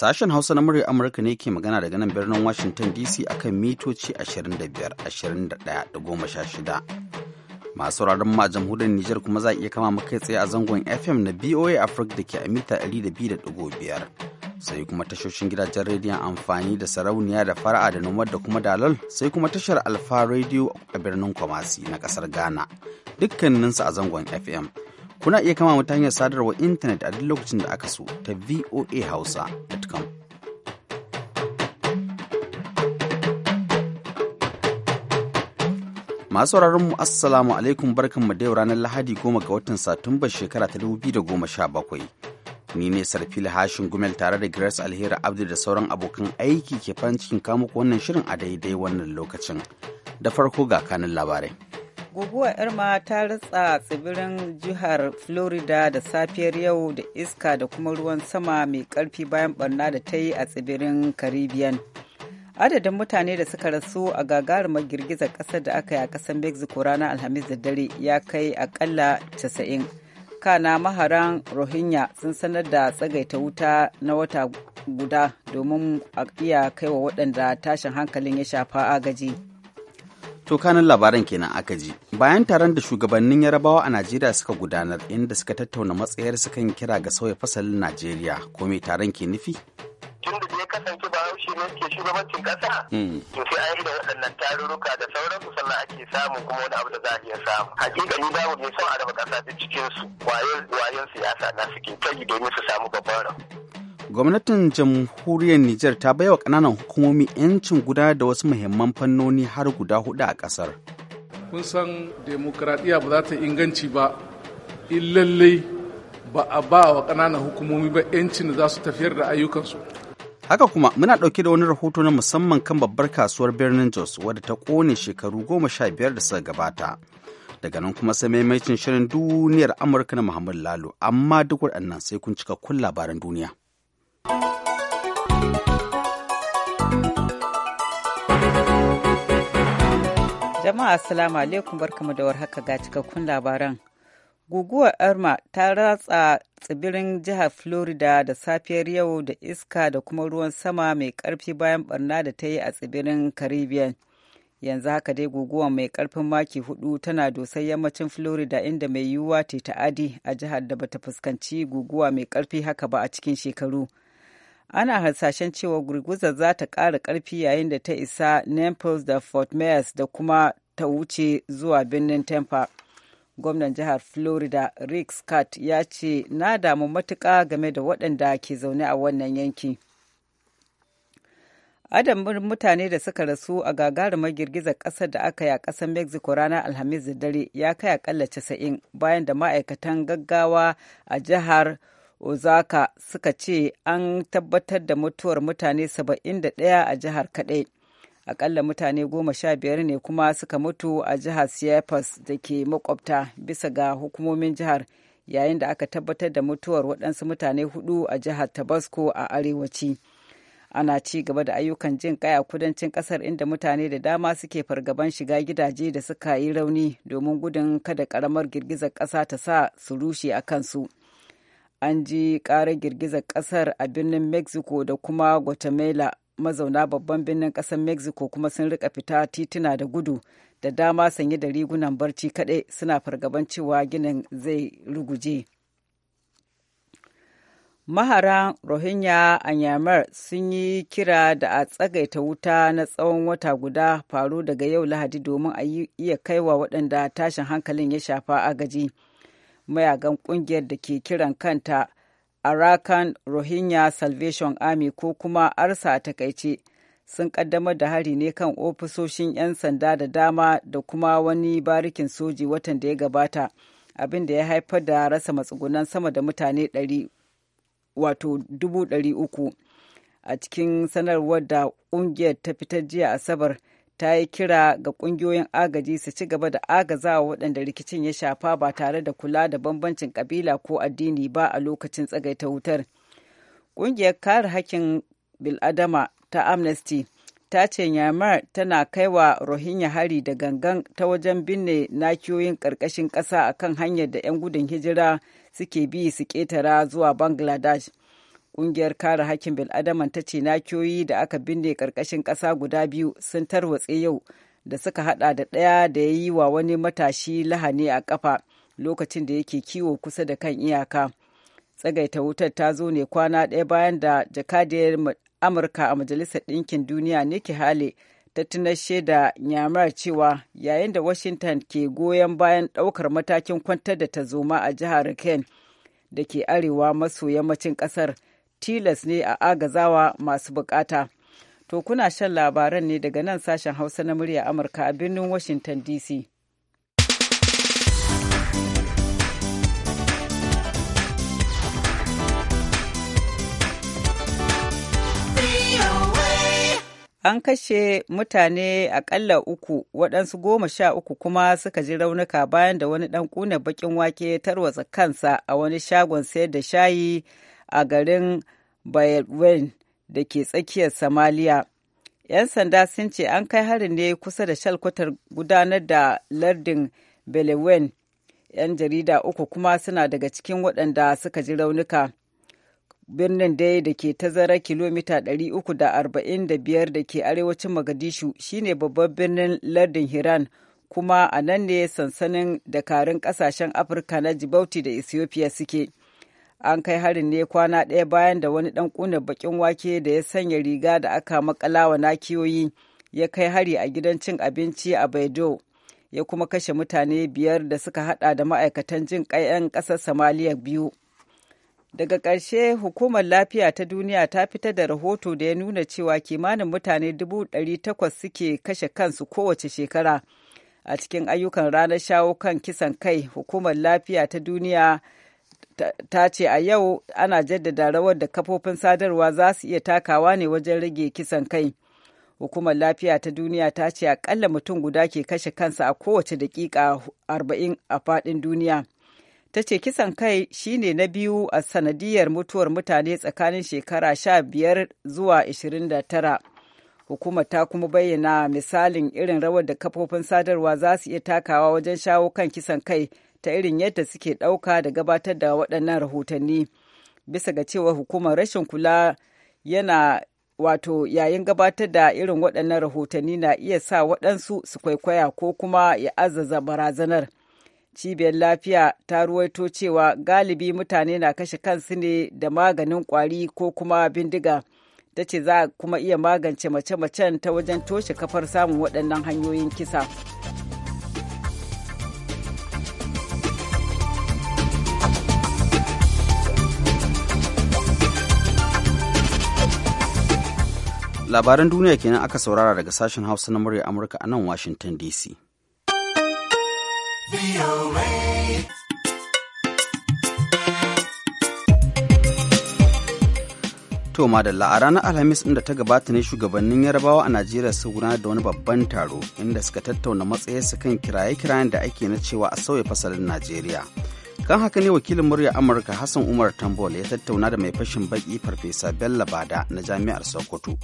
Sashen Hausa na murya Amurka ne ke magana daga nan birnin Washington DC a kan mitoci 25, 21 da 16. Masu raron ma jamhuriyar Nijar kuma za a iya kama kai tsaye a zangon FM na BOA Africa da ke a mita 200.5. Sai kuma tashoshin gidajen rediyon amfani da sarauniya da fara'a da numar da kuma dalal sai kuma tashar Alfa Radio a birnin Kwamasi na kasar Ghana. Dukkaninsu a zangon FM. Kuna iya kama mutane ta hanyar sadarwar intanet a duk lokacin da aka so ta voahausa.com. Masu sauraron mu Assalamu alaikum barkanmu da yau ranar Lahadi goma ga watan Satumba shekara ta dubu goma sha bakwai ni ne sarfila hashin gumel tare da grace alheri abdu da sauran abokan aiki ke farin cikin kamuku wannan shirin a daidai wannan lokacin da farko ga kanin labarai Guguwar Irma ta ritsa tsibirin jihar Florida da safiyar yau da iska da kuma ruwan sama mai ƙarfi bayan barna da ta yi a tsibirin Caribbean. Adadin mutane da suka rasu a gagarumar girgizar ƙasar da aka yi a ƙasar Mexico ranar Alhamis da dare ya kai akalla 90. Kana maharan Rohingya sun sanar da tsagaita wuta na wata guda domin a iya kaiwa waɗanda tashin hankalin ya shafa agaji. To kanan labaran kenan aka ji. Bayan taron da shugabannin Yarabawa a Najeriya suka gudanar inda suka tattauna matsayar su kan kira ga sauya fasalin Najeriya, ko me taron ke nufi? Tunda ya kasance bahaushe ne ke shugabancin kasa, hmm. to sai an da waɗannan tarurruka da sauran su sannan ake samu kuma wani abu da za a iya samu. Hakika ni babu ne son a raba kasa ta cikin su wayen siyasa na suke tayi domin su samu babban rabu. gwamnatin jamhuriyar Nijar ta baiwa ƙananan hukumomi 'yancin gudanar da wasu muhimman fannoni har guda hudu a kasar. Kun san demokradiyya ba za ta inganci ba, in lallai ba a ba wa ƙananan hukumomi ba 'yancin da za su tafiyar da ayyukansu. Haka kuma muna ɗauke da wani rahoto na musamman kan babbar kasuwar birnin Jos wadda ta ƙone shekaru goma sha biyar da suka gabata. Daga nan kuma sai maimaitin shirin duniyar Amurka na Muhammadu Lalo, amma duk waɗannan sai kun cika kun labaran duniya. Jama'a Assalamu alaikum barkamu da warhaka ga cikakkun labaran. Guguwar Irma ta ratsa tsibirin jihar Florida da safiyar yau da iska da kuma ruwan sama mai karfi bayan barna da ta yi a tsibirin Caribbean. Yanzu haka dai guguwar mai karfin maki hudu tana dosar yammacin Florida inda mai yiwuwa ta adi a jihar da bata fuskanci guguwa mai karfi haka ba a cikin shekaru. ana hasashen cewa gurguzar za ta ƙara ƙarfi yayin da ta isa naples da fort myers da kuma ta wuce zuwa birnin tampa gwamnan jihar florida rick scott ya ce na damu matuka game da waɗanda ke zaune a wannan yanki adamin mutane da suka rasu a gagarumar girgizar ƙasar da aka yi a ƙasar mexico ranar alhamis da dare ya kai akalla 90 bayan da ma'aikatan gaggawa a jihar Ozaka suka ce an tabbatar da mutuwar mutane 71 a jihar kaɗai. Akalla mutane goma sha biyar ne kuma suka mutu a jihar Sierpes da ke makwabta bisa ga hukumomin jihar yayin da aka tabbatar da mutuwar waɗansu mutane hudu a jihar Tabasco a arewaci. Ana ci gaba da ayyukan jin kaya kudancin ƙasar inda mutane da dama suke fargaban shiga gidaje da suka yi rauni domin gudun kada ƙaramar girgizar ƙasa ta sa su rushe a kansu. an ji ƙarar girgizar ƙasar a birnin mexico da kuma guatemala mazauna babban birnin ƙasar mexico kuma sun rika fita tituna da gudu da dama sanye da rigunan barci kaɗai suna fargaban cewa ginin zai ruguje mahara rohingya a myanmar sun yi kira da a tsagaita wuta na tsawon wata guda faru daga yau lahadi domin a iya kaiwa waɗanda tashin hankalin ya shafa agaji. gaji mayagan kungiyar da ke kiran kanta Arakan Rohingya Salvation Army ko kuma ARSA a takaice sun kaddamar da hari ne kan ofisoshin 'yan sanda da dama da kuma wani barikin soji watan da ya gabata abin da ya haifar da rasa matsugunan sama da mutane 100 wato 300 a cikin sanarwar da kungiyar ta fitar jiya asabar ta yi kira ga kungiyoyin agaji su ci gaba da agazawa waɗanda rikicin ya shafa ba tare da kula da bambancin ƙabila ko addini ba a lokacin tsagaita wutar. Ƙungiyar kare hakkin bil'adama ta Amnesty ta ce Myanmar tana kaiwa Rohingya hari da gangan ta wajen binne nakiyoyin ƙarƙashin ƙasa akan hanyar da 'yan gudun hijira suke bi su ƙetara zuwa Bangladesh. kungiyar kare hakkin bil'adaman ta ce nakiyoyi da aka binne karkashin ƙasa guda biyu sun tarwatse yau da suka hada da ɗaya da ya yi wa wani matashi lahani a kafa lokacin da yake kiwo kusa da kan iyaka tsagaita wutar ta zo ne kwana ɗaya bayan da jakadiyar amurka a majalisar ɗinkin duniya ne ke hale ta tunashe da nyamar cewa yayin da washington ke goyon bayan ɗaukar matakin kwantar da tazoma a jihar ken da ke arewa maso yammacin ƙasar tilas ne a agazawa masu bukata. To kuna shan labaran ne daga nan sashen Hausa na murya Amurka a birnin Washington DC. An kashe mutane aƙalla uku waɗansu goma sha uku kuma suka ji raunuka bayan da wani ɗan ƙuna baƙin wake ya tarwatsa kansa a wani shagon sayar da shayi a garin Bayelwen da ke tsakiyar samaliya 'Yan sanda sun ce an kai harin ne kusa da shalkwatar gudanar da lardin Belewen. 'Yan jarida uku kuma suna daga cikin waɗanda suka ji raunuka. Birnin dai da ke tazara kilomita 345 da ke arewacin Magadishu shine babban birnin lardin Hiran. kuma a nan ne sansanin dakarun kasashen afirka na djibouti da ethiopia suke an kai harin ne kwana ɗaya bayan da wani ɗan ƙunar baƙin wake da ya sanya riga da aka wa nakiyoyi ya kai hari a gidan cin abinci a baido ya kuma kashe mutane biyar da suka hada da ma'aikatan jin 'yan ƙasar somaliya biyu daga ƙarshe hukumar lafiya ta duniya ta fitar da rahoto da ya nuna cewa kimanin mutane takwas suke kashe kansu kowace shekara a cikin ayyukan ranar shawo kan kisan kai hukumar lafiya ta duniya ta ce a yau ana jaddada rawar da kafofin sadarwa za su iya takawa ne wajen rage kisan kai. Hukumar lafiya ta duniya ta ce akalla mutum guda ke kashe kansa a kowace daƙiƙa arba'in a faɗin duniya. Ta ce kisan kai shine na biyu a sanadiyar mutuwar mutane tsakanin shekara sha biyar zuwa ashirin da tara. Hukumar ta kuma bayyana misalin irin rawar da kafofin sadarwa za su iya takawa wajen shawo kan kisan kai ta irin yadda suke ɗauka da gabatar da waɗannan rahotanni bisa ga cewa hukumar rashin kula yana wato yayin gabatar da irin waɗannan rahotanni na iya sa waɗansu su kwaikwaya ko kuma ya azaza barazanar cibiyar lafiya ta ruwaito cewa galibi mutane na kashe kansu ne da maganin kwari ko kuma bindiga ta ce za kuma iya magance mace-macen ta wajen toshe kafar samun waɗannan hanyoyin kisa. Labaran duniya kenan aka saurara daga sashen Hausa na murya Amurka a nan Washington DC. To madalla a ranar Alhamis inda ta gabata ne shugabannin yarbawa a Najeriya su gudanar da wani babban taro inda suka tattauna matsayarsu kan kiraye-kirayen da ake na cewa a sauya fasalin Najeriya. Kan haka ne wakilin murya Amurka Hassan Umar Tambol ya tattauna da mai fashin baki Farfesa Bello Bada na Jami'ar Sokoto.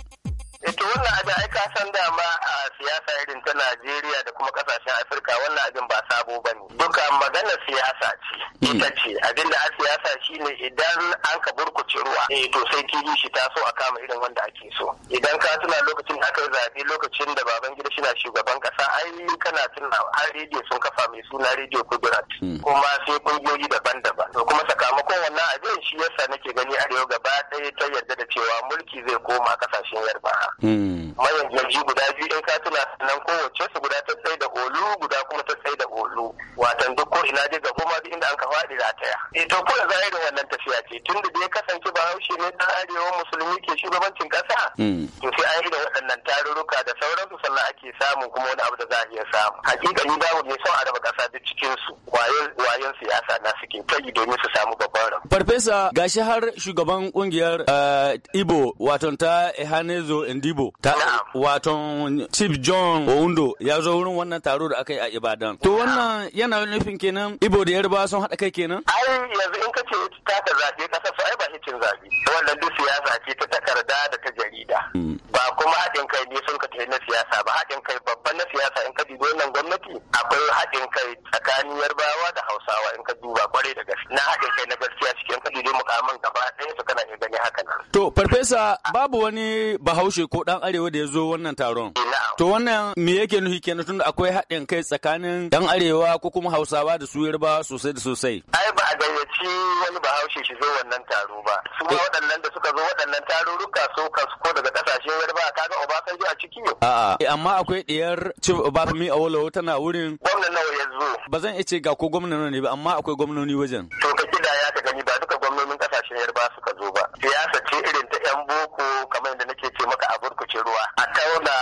to wannan abin ai ka san dama a siyasa irin ta Najeriya da kuma kasashen Afirka wannan abin ba sabo ba ne. Duka maganar siyasa ce. Ita ce abin da a siyasa shine idan an ka burkuce ruwa eh to sai kiyi shi ta so a kama irin wanda ake so. Idan ka tuna lokacin da aka yi zaɓe lokacin da baban gida shi na shugaban kasa, ai kana tuna har rediyo sun kafa mai suna rediyo Kudurat. Hmm. Kuma sai kungiyoyi daban-daban. To kuma sakamakon wannan abin shi yasa nake gani a arewa gaba ɗaya ta yarda da cewa mulki zai koma kasashen yarbaha. Hmm. Mayanzu guda biyu ɗin katuna sannan kowace su guda ta sai da olu guda kuma ta sai da olu. Watan duk ko ina dai ga ma duk inda an ka faɗi za ta ya. E to ko yanzu da wannan tafiya ce tun da ya kasance bahaushe ne ɗan arewa musulmi ke shugabancin kasa To sai an yi da waɗannan tarurruka da sauran sauransu sallah ake samu kuma wani abu da za a iya samu. Hakika ni babu mai son a raba ƙasa duk cikinsu wayan siyasa na suke tayi domin su samu babban rabu. Farfesa gashi har shugaban kungiyar eh, Ibo waton ta Ehanezo Ndibo Ondo. Ta, wato Chief John Ondo ya zo wurin wannan taro da aka yi a Ibadan. To wannan yana nufin kenan Ibo da Yarba sun haɗa kai kenan? Ai yanzu in kace ce ta ka zaɓe ƙasa su ai ba hicin zaɓe. Wannan duk siyasa ce ta takarda da ta jarida. Hmm. kuma haɗin kai ne sun tafi na siyasa ba haɗin kai babban na siyasa in ka dubi wannan gwamnati akwai haɗin kai tsakanin yarbawa da hausawa in ka duba kwarai da gaske na haɗin kai na gaskiya cikin ka dubi mukamin gaba ɗaya su kana iya gani haka nan. to farfesa babu wani bahaushe ko ɗan arewa da ya zo wannan taron. Eh, to wannan me yake nufi kenan tunda akwai haɗin kai tsakanin ɗan arewa ko kuma hausawa da su yarbawa sosai da sosai. ai ba a gayyaci wani bahaushe shi zo wannan taro ba su waɗannan da suka zo waɗannan tarurruka so ko daga ƙasashen yarbawa ka ga Obasanjo a ciki. A'a eh, amma akwai ɗiyar Chief Obafemi Awolowo tana wurin. Gwamnan nawa ya zo. Ba zan iya ga ko gwamnan ne ba amma akwai gwamnoni wajen. To ka kida ya ta gani ba duka gwamnonin kasashen Yarba suka zo ba. Siyasa ce irin ta 'yan boko kamar yadda nake ce maka a burkuce ruwa. A tauna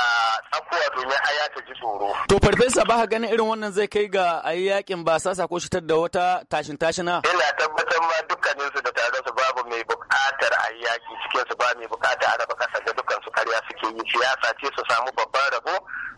tsakuwa domin haya ta ji tsoro. To farfesa ba ganin irin wannan zai kai ga a yakin ba sasa ko shitar da wata tashin tashina. Ina tabbatar ma dukkaninsu da taron su babu mai bukatar a yi yaki cikin su ba mai bukatar a raba kasa da duka ƙarya suke yi siyasa ce su samu babban rabo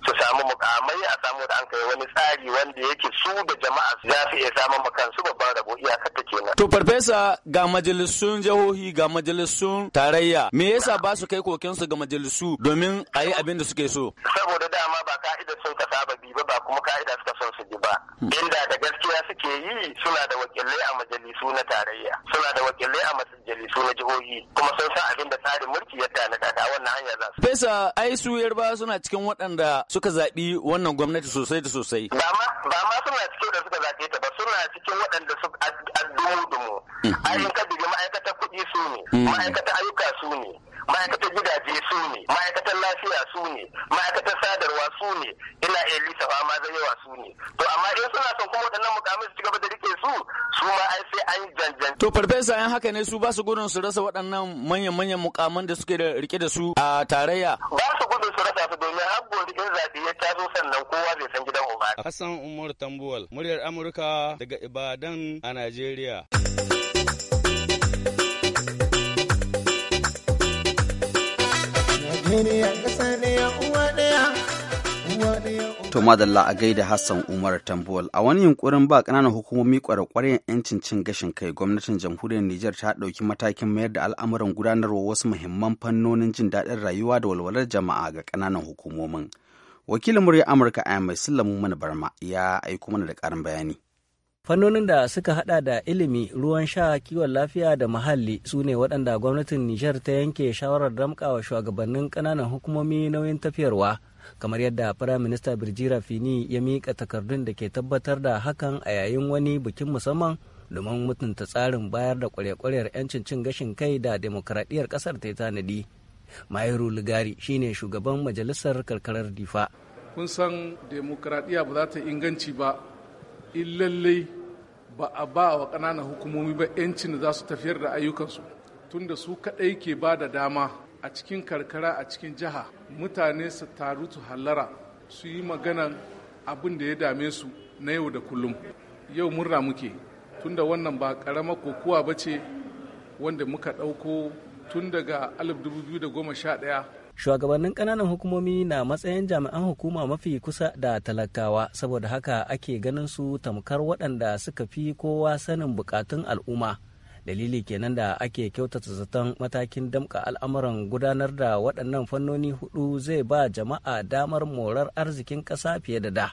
su samu mukamai a samu da an kai wani tsari wanda yake su da jama'a za su iya samun makansu babban rabo iyakar ta kenan. To farfesa ga majalisun jihohi ga majalisun tarayya me yasa ba su kai kokensu ga majalisu domin a yi abin da suke so. Saboda dama ba ka'ida sun ka bi ba ba kuma ka'ida suka son su bi ba. Hmm. Inda da gaskiya suke yi suna da wakilai a majalisu na tarayya suna da wakilai a majalisu na jihohi kuma sun san abin da tsarin mulki ya tanada da wannan hanya za su. Fesa ai su yarba suna cikin waɗanda suka zaɓi wannan gwamnati sosai da sosai. Ba ma ba ma suna cikin da suka zaɓe ta ba suna cikin waɗanda suka addumu dumu. Mm, Ayyukan mm. da ma'aikata kuɗi su ne mm. ma'aikata ayyuka su ne. ma'aikatan gidaje su ne ma'aikatan lafiya su ne ma'aikatan sadarwa su ne ina iya lissafa ma zai yawa su ne to amma in suna son kuma waɗannan mukamai su ci gaba da rike su su ma ai sai an janjan to farfesa yan haka ne su ba su gudun su rasa waɗannan manyan manyan mukaman da suke da rike da su a tarayya ba su gudun su rasa su domin har gobe in zaɓe ya taso sannan kowa zai san gidan Umar Hassan Umar Tambuwal muryar Amurka daga Ibadan a Najeriya To madalla a gaida Hassan Umar Tambuwal a wani yunkurin ba ƙananan hukumomi ƙwarƙwaryen 'yancin cin gashin kai gwamnatin jamhuriyar Nijar ta ɗauki matakin mayar da al'amuran gudanarwa wasu muhimman fannonin jin daɗin rayuwa da walwalar jama'a ga ƙananan hukumomin. Wakilin murya Amurka a mai Sullamu Mana Barma ya aiko mana da ƙarin bayani. fannonin da suka hada da ilimi ruwan sha kiwon lafiya da muhalli su ne waɗanda gwamnatin nijar ta yanke shawarar damkawa shugabannin ƙananan hukumomi nauyin tafiyarwa kamar yadda firaminista birjira fini ya mika takardun da ke tabbatar da hakan a yayin wani bikin musamman domin mutunta tsarin bayar da kwarekwariyar 'yancin cin gashin kai da demokradiyyar ƙasar ta yi tanadi mahiru lugari shine shugaban majalisar karkarar difa kun san demokradiyya ba za ta inganci ba in lallai ba a ba wa ƙananan hukumomi ba 'yancin da za su tafiyar da ayyukansu tunda su kaɗai ke ba da dama a cikin karkara a cikin jiha mutane su taru su hallara su yi maganan abin da ya dame su na yau da kullum yau murna muke tunda wannan ba ƙarama kokuwa ba ce wanda muka ɗauko tun daga 2011 shugabannin ƙananan hukumomi na matsayin jami'an hukuma mafi kusa da talakawa saboda haka ake ganin su tamkar waɗanda suka fi kowa sanin bukatun al'umma dalili kenan da ake kyautata zaton matakin damka al'amuran gudanar da waɗannan fannoni hudu zai ba jama'a damar morar arzikin ƙasa fiye da da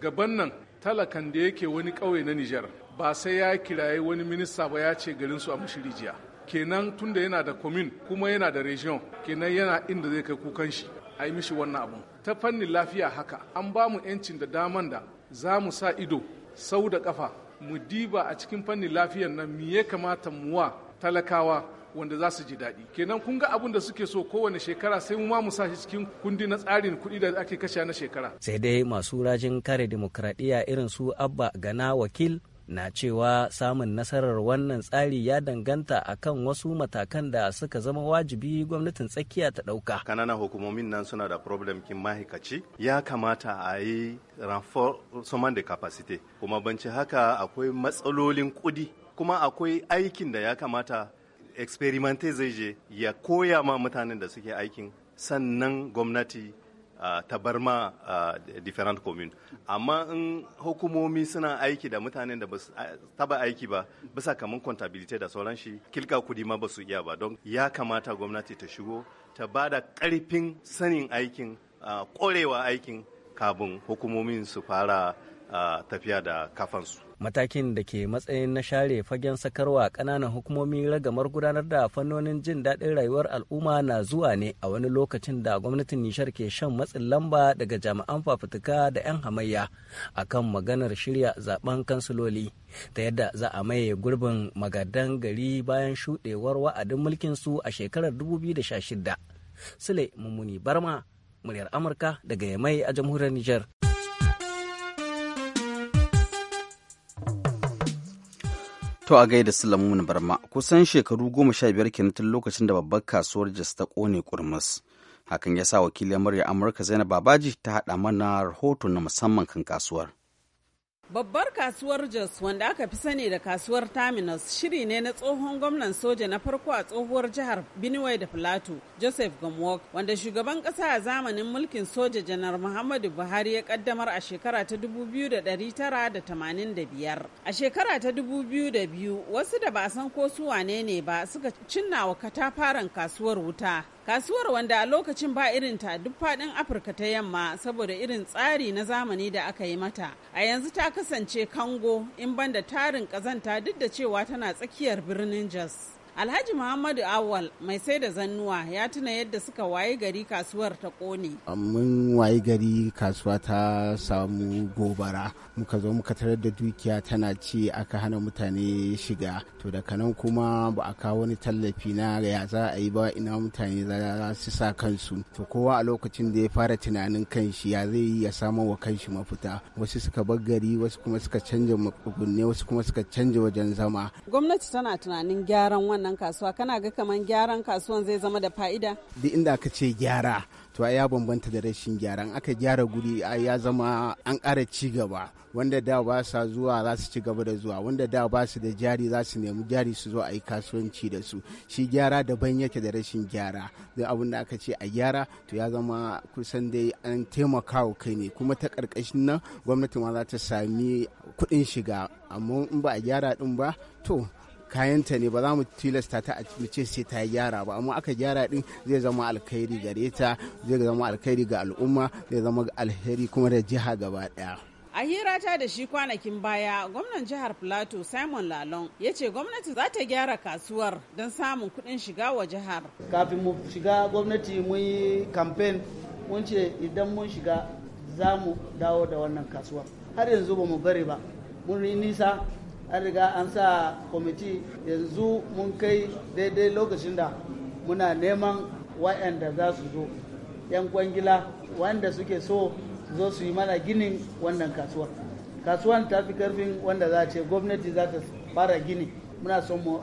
gaban nan talakan da yake wani ƙauye na nijar ba sai ya kiraye wani minista ba ya ce garinsu a mashirijiya kenan tunda yana da komin kuma yana da region kenan yana inda zai kai kukan shi a yi mishi wannan abun ta fannin lafiya haka an ba mu 'yancin da daman da za mu sa ido sau da kafa mu diba a cikin fannin lafiyan nan me ya kamata wa talakawa wanda za su ji daɗi kenan kun ga abin da suke so kowane shekara sai mu ma mu sa shi cikin kundi na tsarin kuɗi da ake kashe na shekara sai dai masu rajin kare demokradiyya irin su abba gana wakil na cewa samun nasarar wannan tsari ya danganta akan wasu matakan da suka zama wajibi gwamnatin tsakiya ta ɗauka. kananan hukumomin nan suna da problem kin mahikaci ya kamata a yi renforcement da kapasite kuma banci haka akwai matsalolin kudi kuma akwai aikin da ya kamata experimente zai je ya koya ma mutanen da suke aikin sannan gwamnati ta bar tabarma different commune amma in hukumomi suna aiki da mutanen da ba su taba aiki ba bisa kamar contabilite da sauran shi kilka kudi ma ba su iya ba don ya kamata gwamnati ta shigo ta ba da karfin sanin aikin korewa aikin kabin hukumomin su fara tafiya da kafansu. Matakin da ke matsayin na share fagen sakarwa ƙananan hukumomi ragamar gudanar da fannonin jin daɗin rayuwar al'umma na zuwa ne a wani lokacin da gwamnatin Nishar ke shan matsin lamba daga jami'an fafutuka da 'yan hamayya a kan maganar shirya zaben kansiloli ta yadda za a maye gurbin magadan gari bayan shuɗewar wa'adin mulkinsu a shekarar 2016. Sule Mummuni Barma, muryar Amurka daga Yamai a jamhuriyar Nijar. To a gaida sulamun Barma, kusan shekaru goma sha biyar kenan tun lokacin da babbar kasuwar Jos ta ƙone kurmus. Hakan ya sa wakilin murya Amurka Zainab Babaji ta haɗa mana rahoto na musamman kan kasuwar. Babbar kasuwar Jos wanda aka fi sani da kasuwar Terminus shiri ne na tsohon gwamnan soja na farko a tsohuwar jihar Benue da Filato Joseph Gomwok wanda shugaban kasa a zamanin mulkin soja janar Muhammadu Buhari ya kaddamar a shekara ta 2985. A shekara ta 2002 wasu da ba san ko su wane ne ba suka cinna wa katafaren kasuwar wuta Kasuwar wanda a lokacin ba irin ta duk faɗin Afirka ta yamma saboda irin tsari na zamani da aka yi mata. A yanzu ta kasance kango in banda tarin ƙazanta duk da cewa tana tsakiyar birnin Jos. Alhaji Muhammadu Awal mai sai da zannuwa ya tuna yadda suka waye gari kasuwar ta kone. Mun waye gari kasuwa ta samu gobara muka zo muka tarar da dukiya tana ce aka hana mutane shiga to daga nan kuma ba a kawo wani tallafi na ya za a yi ba ina mutane za su sa kansu to kowa a lokacin da ya fara tunanin kanshi ya zai yi ya samu wa kanshi mafita wasu suka bar gari wasu kuma suka canja matsugunne wasu kuma suka canja wajen zama. Gwamnati tana tunanin gyaran wannan wannan kasuwa kana ga kamar gyaran kasuwan zai zama da fa'ida duk inda aka ce gyara to ya bambanta da rashin gyara in aka gyara guri ya zama an ƙara ci gaba wanda da ba sa zuwa za su ci gaba da zuwa wanda da ba su da jari za su nemi jari su zo a yi kasuwanci da su shi gyara daban yake da rashin gyara da abin da aka ce a gyara to ya zama kusan dai an taimaka wa kai ne kuma ta karkashin nan gwamnati ma za ta sami kuɗin shiga amma in ba a gyara din ba to kayanta ne ba za mu tilasta ta mu ce sai ta gyara ba amma aka gyara din zai zama alkhairi gare ta zai zama alkhairi ga al'umma zai zama alheri kuma da jiha gaba daya A hira ta da shi kwanakin baya, gwamnan jihar Plateau Simon Lalon ya ce gwamnati za ta gyara kasuwar don samun kuɗin shiga wa jihar. Kafin mu shiga gwamnati mun yi kamfen mun ce idan mun shiga za mu dawo da wannan kasuwar Har yanzu ba mu bari ba, mun yi nisa an riga an sa kwamiti yanzu mun kai daidai lokacin da muna neman wa'anda za su zo 'yan kwangila wanda suke so su zo su yi mana ginin wannan kasuwar kasuwan ta fi karfin wanda za ce gwamnati za ta fara gini muna son mu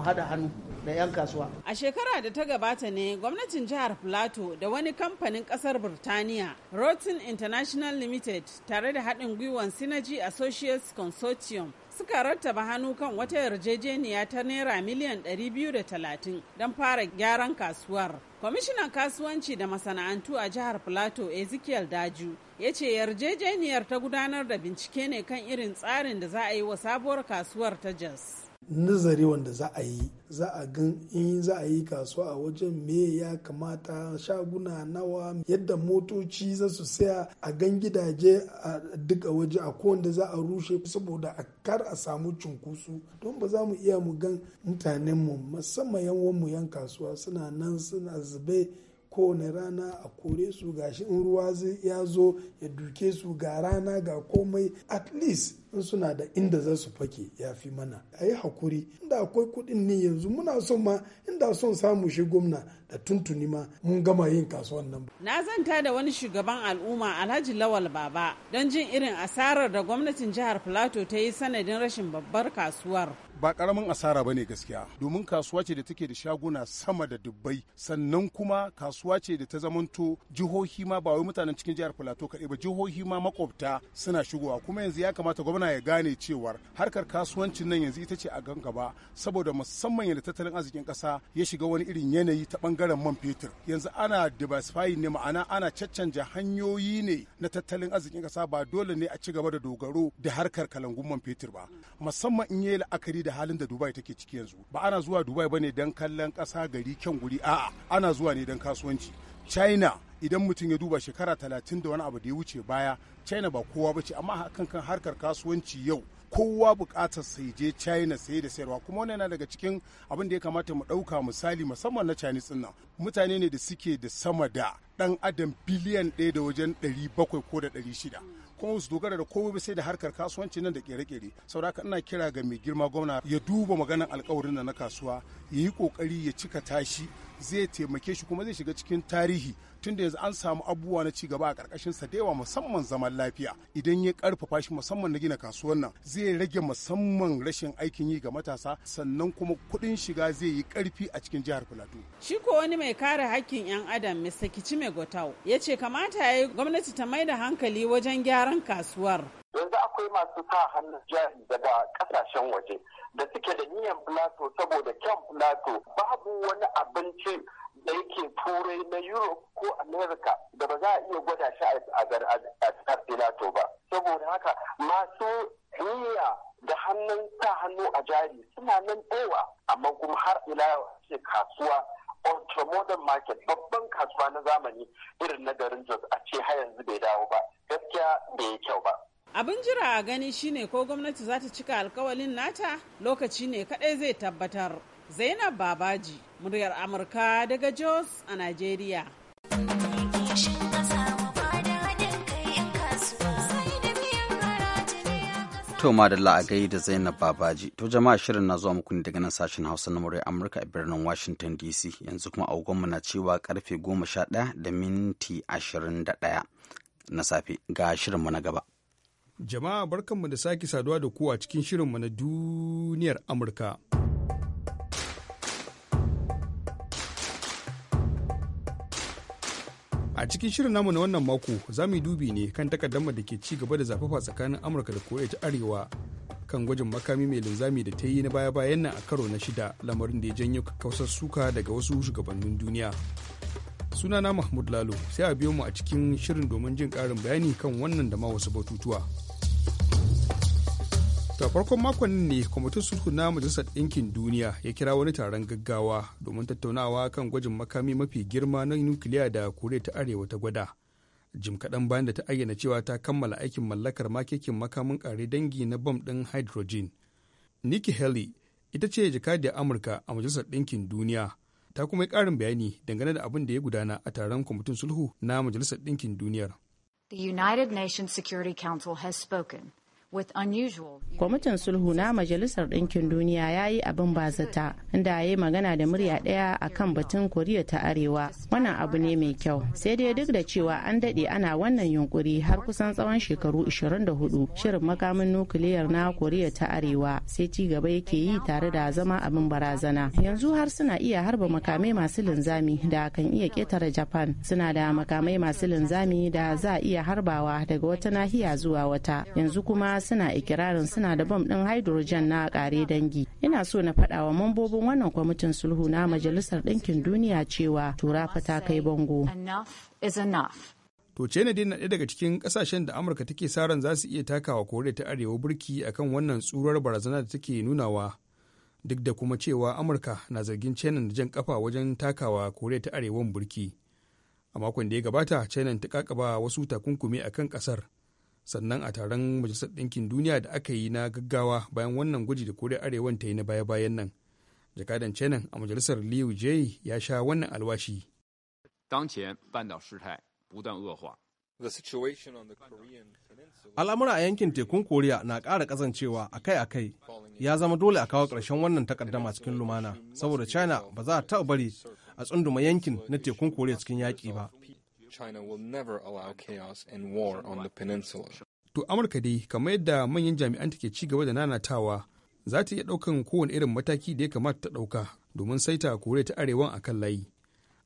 haɗa hannu da 'yan kasuwa. A shekara da ta gabata ne gwamnatin jihar Plateau da wani kamfanin kasar Birtaniya, Rotin International Limited tare da haɗin gwiwan Synergy Associates Consortium suka rattaba hannu kan wata yarjejeniya ta naira miliyan 230 don fara gyaran kasuwar. Kwamishinan kasuwanci da masana'antu a jihar Plateau Ezekiel Daju ya ce yarjejeniyar ta gudanar da bincike ne kan irin tsarin da za a yi wa sabuwar kasuwar ta Jos. nazari wanda za a yi za a gan in za a yi kasuwa a wajen me ya kamata shaguna nawa yadda motoci za su saya a gan gidaje a duka waje a kowanda za a rushe saboda a kar a samu cunkusu don ba za mu iya mu gan mutanenmu musamman yan mu yan kasuwa suna nan suna zube kowane rana a kore su gashi in ruwa ya zo ya duke su ga rana ga komai at least in suna da inda za su fake ya fi mana a yi hakuri inda akwai kuɗin ne yanzu muna son ma inda son samu shi gwamna da tuntuni ma mun gama yin kasuwan nan. na zanta da wani shugaban al'umma alhaji lawal baba don jin irin asarar da gwamnatin jihar plateau ta yi sanadin rashin babbar kasuwar ba karamin asara bane gaskiya domin kasuwa ce da take da shaguna sama da dubbai sannan kuma kasuwa ce da ta zamanto jihohi ma ba wai mutanen cikin jihar Plateau kaɗai ba jihohi ma makwabta suna shigowa kuma yanzu ya kamata gwamna ya gane cewar harkar kasuwancin nan yanzu ita ce a gan gaba saboda musamman yadda tattalin arzikin ƙasa ya shiga wani irin yanayi ta bangaren man fetur yanzu ana diversifying ne ma'ana ana caccanja hanyoyi ne na tattalin arzikin ƙasa ba dole ne a ci gaba da dogaro da harkar kalangun man fetur ba musamman in yi la'akari da halin da Dubai take ciki yanzu ba ana zuwa Dubai bane dan kallon ƙasa gari kyan guri a'a ana zuwa ne dan kasuwanci China idan mutum ya duba shekara talatin da wani abu da ya wuce baya China ba kowa ba ce amma hakan kan harkar kasuwanci yau kowa bukatar sai je china sai da sayarwa kuma wannan yana daga cikin abin da ya kamata mu ɗauka misali musamman na chinese din nan mutane ne da suke da sama da ɗan adam biliyan ɗaya da wajen ɗari bakwai ko da ɗari shida kuma su dogara da komai sai da harkar kasuwanci nan da kere-kere sauraka ina kira ga mai girma gwamna ya duba maganan alkawarin na kasuwa ya yi kokari ya cika tashi zai taimake shi kuma zai shiga cikin tarihi tunda yanzu an samu abubuwa na ci gaba a karkashin sa da yawa musamman zaman lafiya idan ya karfafa shi musamman na gina kasuwar nan zai rage musamman rashin aikin yi ga matasa sannan kuma kuɗin shiga zai yi karfi a cikin jihar Filato. Shi ko wani mai kare hakkin 'yan adam Mr. Kichime Gotau ya ce kamata ya yi gwamnati ta mai da hankali wajen gyaran kasuwar masu sa hannun jari daga kasashen waje da suke da niyan plato saboda kyan plato babu wani abinci da yake turai na europe ko america da ba za a iya gwada shi a plato ba saboda haka masu niyya da hannun sa hannu a jari suna nan ɗewa amma kuma har ila ce kasuwa ultramodern market babban kasuwa na zamani irin na garin jos a ce har yanzu bai dawo ba gaskiya bai yi kyau ba abin jira a gani shine ko gwamnati za ta cika alkawalin nata lokaci ne kadai zai tabbatar zainab babaji muryar amurka daga jos a nigeria to ma da da zainab babaji to jama'a shirin na zuwa muku ne daga nan sashen hausa na muryar amurka a birnin washington dc yanzu kuma agogonmu na cewa karfe 11 da minti 21 na safe ga shirin shirinmu na gaba Jama'a barkanmu da sake saduwa da kuwa cikin shirinmu na duniyar Amurka. A cikin shirin namu na wannan mako za mu yi dubi ne kan takaddama da ke ci gaba da zafafa tsakanin Amurka da Koriya ta Arewa kan gwajin makami mai linzami da ta yi na baya-bayan nan a karo na shida lamarin da ya janyo kakkausar suka daga wasu shugabannin duniya. Sunana Mahmud Lalo sai a biyo mu a cikin shirin domin jin ƙarin bayani kan wannan da ma wasu batutuwa. ta farkon makon ne kwamitin sulhu na majalisar ɗinkin duniya ya kira wani taron gaggawa domin tattaunawa kan gwajin makami mafi girma na nukiliya da kure ta arewa ta gwada jim kaɗan bayan da ta ayyana cewa ta kammala aikin mallakar makekin makamin ƙare dangi na bom ɗin hydrogen nikki haley ita ce jakadiyar amurka a majalisar ɗinkin duniya ta kuma yi ƙarin bayani dangane da abin da ya gudana a taron kwamitin sulhu na majalisar ɗinkin duniyar The United Nations Security Council has spoken. Kwamitin sulhu na Majalisar Ɗinkin Duniya ya yi abin bazata inda ya yi magana da murya ɗaya a kan batun Koriya ta Arewa. Wannan abu ne mai kyau. Sai dai duk da cewa an daɗe ana wannan yunkuri har kusan tsawon shekaru 24 shirin makamin nukiliyar na Koriya ta Arewa sai ci gaba yake yi tare da zama abin barazana. Yanzu har suna iya harba makamai masu linzami da kan iya ƙetare Japan. Suna da makamai masu linzami da za a iya harbawa daga wata nahiya zuwa wata. Yanzu kuma suna ikirarin suna da bom ɗin hydrogen na kare dangi ina so na faɗa wa mambobin wannan kwamitin sulhu na majalisar ɗinkin duniya cewa tura fa kai bango to ce dai na ɗaya daga cikin ƙasashen da amurka take saran ran za su iya takawa koriya ta arewa burki akan wannan tsurar barazana da take nunawa duk da kuma cewa amurka na zargin china da jan kafa wajen takawa koriya ta arewan burki a makon da ya gabata china ta kakaba wasu takunkumi akan ƙasar kasar sannan a taron majalisar ɗinkin duniya da aka yi na gaggawa bayan wannan gwaji da koriya arewan ta yi na baya-bayan nan jakadan chenan a majalisar liu jay ya sha wannan alwashi al'amura a yankin tekun koriya na ƙara ƙazancewa akai-akai ya zama dole a kawo ƙarshen wannan takaddama cikin lumana saboda china ba za a taɓa bari a tsunduma yankin na tekun koriya cikin yaƙi ba China will never allow chaos and war on the To Amurka dai kamar yadda manyan jami'an take ci gaba da nanatawa za ta iya ɗaukan kowane irin mataki da ya kamata ta ɗauka domin saita kore ta arewan a kan layi.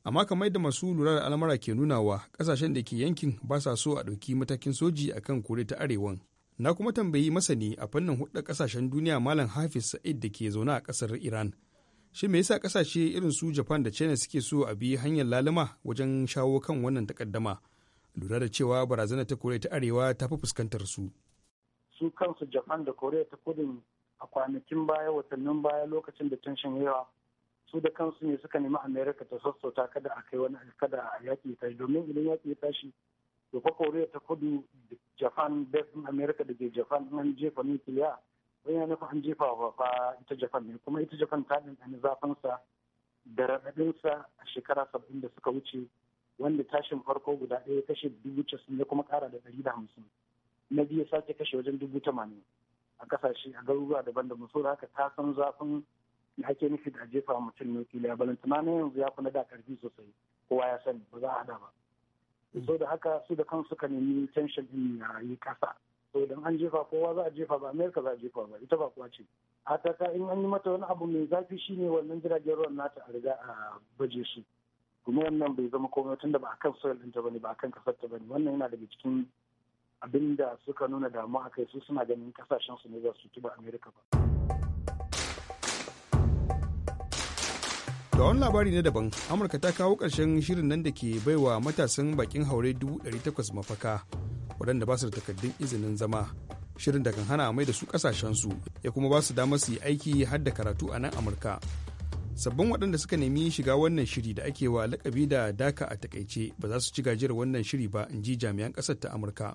Amma kamar yadda masu lura da alamara ke nunawa ƙasashen da ke yankin ba sa so a ɗauki matakin soji a kan kore ta arewan. Na kuma tambayi masani a fannin hudu ƙasashen duniya Malam Hafiz Sa'id da ke zaune a ƙasar Iran. shi me yasa kasashe irin su japan da china suke so a bi hanyar laluma wajen shawo kan wannan takaddama lura da cewa barazana ta korea ta arewa ta fi fuskantar su su kansu japan da koreya ta kudu a kwanakin baya watannin baya lokacin da tension yawa su da kansu ne suka nemi america ta sassauta kada a kai wani kada a yaki tashi domin idan yaki ya tashi to fa koriya ta kudu japan da america da ke japan an jefa nukiliya ya nufa an jefa wa fa ita japan ne kuma ita japan ta ɗanɗani sa da raɗaɗinsa a shekara saba'in da suka wuce wanda tashin farko guda ɗaya kashe dubu casin ya kuma ƙara da ɗari da hamsin na biyu sake kashe wajen dubu tamanin a ƙasashe a garuruwa daban da musu haka ta san zafin da ake nufi da jefa wa mutum ne kila balantana na yanzu ya fi da karfi sosai kowa ya sani ba za a hada ba so da haka su da kansu suka nemi tension ɗin ya yi ƙasa to idan an jefa kowa za a jefa ba amerika za a jefa ba ita ba kuwa ce a taka in an yi mata wani abu mai zafi shi ne wannan jiragen ruwan nata a riga a baje su kuma wannan bai zama komai tun da ba kan soil ɗinta ne ba a kan ƙasar ta ne wannan yana daga cikin abin da suka nuna damuwa a kai su suna ganin kasashen su ne za su ci ba amerika ba. da wani labari na daban amurka ta kawo ƙarshen shirin nan da ke baiwa matasan bakin haure takwas mafaka waɗanda ba su da takardun izinin zama shirin da kan hana mai da su su. ya kuma ba su damar su yi aiki har da karatu a nan amurka sabbin waɗanda suka nemi shiga wannan shiri da ake wa lakabi da daka a takaice ba za su ci gajiyar wannan shiri ba in ji jami'an ƙasar ta amurka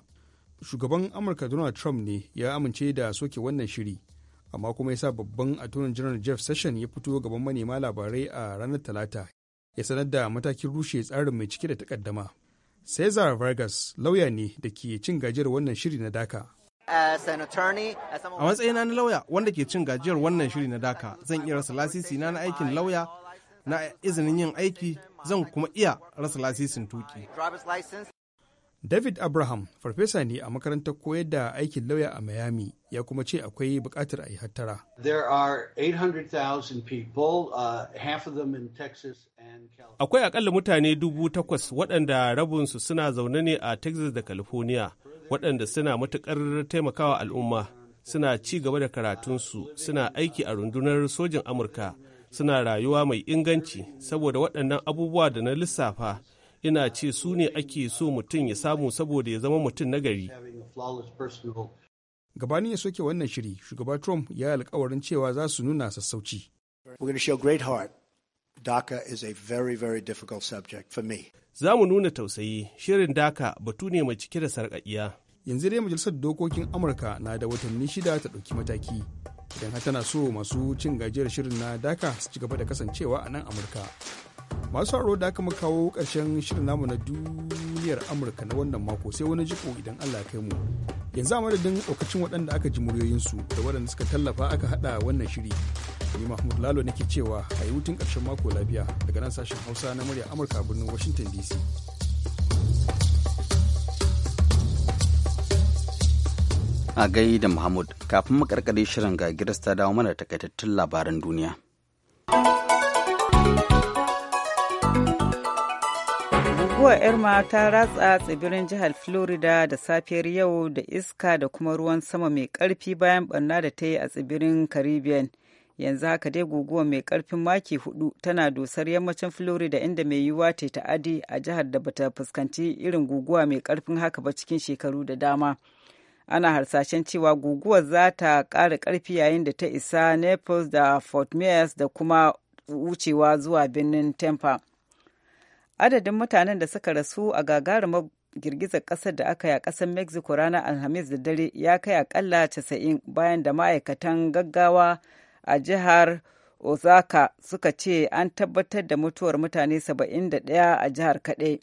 shugaban amurka donald trump ne ya amince da soke wannan shiri amma kuma ya sa babban attorney general jeff session ya fito gaban manema labarai a ranar talata ya sanar da matakin rushe tsarin mai cike da takaddama Cesar Vargas lauya ne da ke cin gajiyar wannan shiri na daka. A matsayina na lauya wanda ke cin gajiyar wannan shiri na daka zan iya rasa lasisi na na aikin lauya na izinin yin aiki zan kuma iya rasa lasisin tuki. David Abraham farfesa ne a makarantar koyar da aikin lauya a Miami ya kuma ce akwai bukatar a yi hattara. Akwai akalla mutane dubu takwas waɗanda rabinsu suna zaune ne a Texas da California waɗanda suna matuƙar taimakawa al'umma suna ci gaba da karatunsu suna aiki a rundunar sojin Amurka suna rayuwa mai inganci saboda waɗannan abubuwa da na lissafa. ina ce su ne ake so mutum ya samu saboda ya zama mutum nagari gabanin ya soke wannan shiri shugaba trump ya yi alkawarin cewa za su nuna sassauci za mu nuna tausayi shirin daka batu ne mai cike da sarƙaƙiya yanzu dai majalisar dokokin amurka na da watanni shida ta ɗauki mataki idan har tana so masu cin gajiyar shirin na daka su ci gaba da kasancewa a nan amurka masu haro da aka makawo karshen shirin namu na duniyar amurka na wannan mako sai wani jiko idan allah kai mu yanzu a madadin lokacin waɗanda aka ji muryoyinsu da waɗanda suka tallafa aka haɗa wannan shiri ni mahmud lalo nake cewa a yi hutun ƙarshen mako lafiya daga nan sashen hausa na murya amurka a birnin washington dc a gai da mahmud kafin mu karkare shirin ga girista dawo mana takaitattun labaran duniya. guguwar yar mata ratsa tsibirin jihar florida da safiyar yau da iska da kuma ruwan sama mai karfi bayan barna da ta yi a tsibirin caribbean yanzu haka dai guguwar mai karfin maki hudu tana dosar yammacin florida inda mai yiwuwa ta ta'adi a jihar da bata fuskanci irin guguwa mai karfin haka ba cikin shekaru da dama ana harsashen cewa guguwa za ta kara ƙarfi yayin da ta isa naples da fort myers da kuma wucewa zuwa birnin tampa adadin mutanen da suka rasu a gagarumar girgizar ƙasar da aka yi a ƙasar mexico ranar alhamis da dare ya kai akalla 90 bayan da ma'aikatan gaggawa a jihar osaka suka ce an tabbatar da mutuwar mutane 71 a jihar kaɗai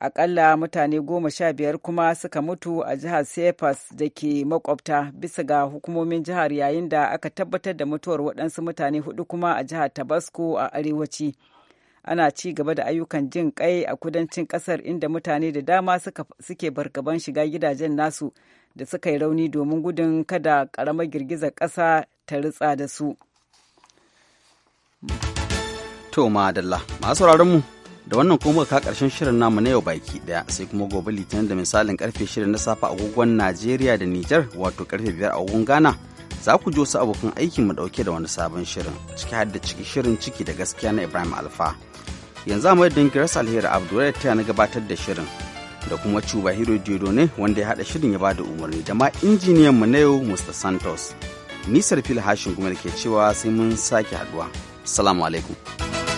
akalla mutane goma sha kuma suka mutu a jihar Cephas da ke makwabta bisa ga hukumomin jihar yayin da aka tabbatar da mutuwar waɗansu mutane hudu kuma a jihar Tabasco a arewaci. ana ci gaba da ayyukan jin kai a kudancin kasar inda mutane da dama suke barkaban shiga gidajen nasu da suka yi rauni domin gudun kada karamar girgizar ƙasa ta ritsa da su. To madalla masu mu da wannan kuma ka karshen shirin namu na yau baki daya sai kuma gobe litinin da misalin karfe shirin na safe agogon Najeriya da Nijar wato karfe biyar agogon Ghana za ku ji wasu abokan aikin mu dauke da wani sabon shirin ciki har da ciki shirin ciki da gaskiya na Ibrahim Alfa. yanzu a madadin Grace Alheri Abdulrahman ta na gabatar da shirin da kuma Cuba Hiro Diodo ne wanda ya haɗa shirin ya ba da umarni da ma injiniyan mu na yau Mr. Santos. Nisar fil hashin kuma da ke cewa sai mun sake haduwa Salamu alaikum.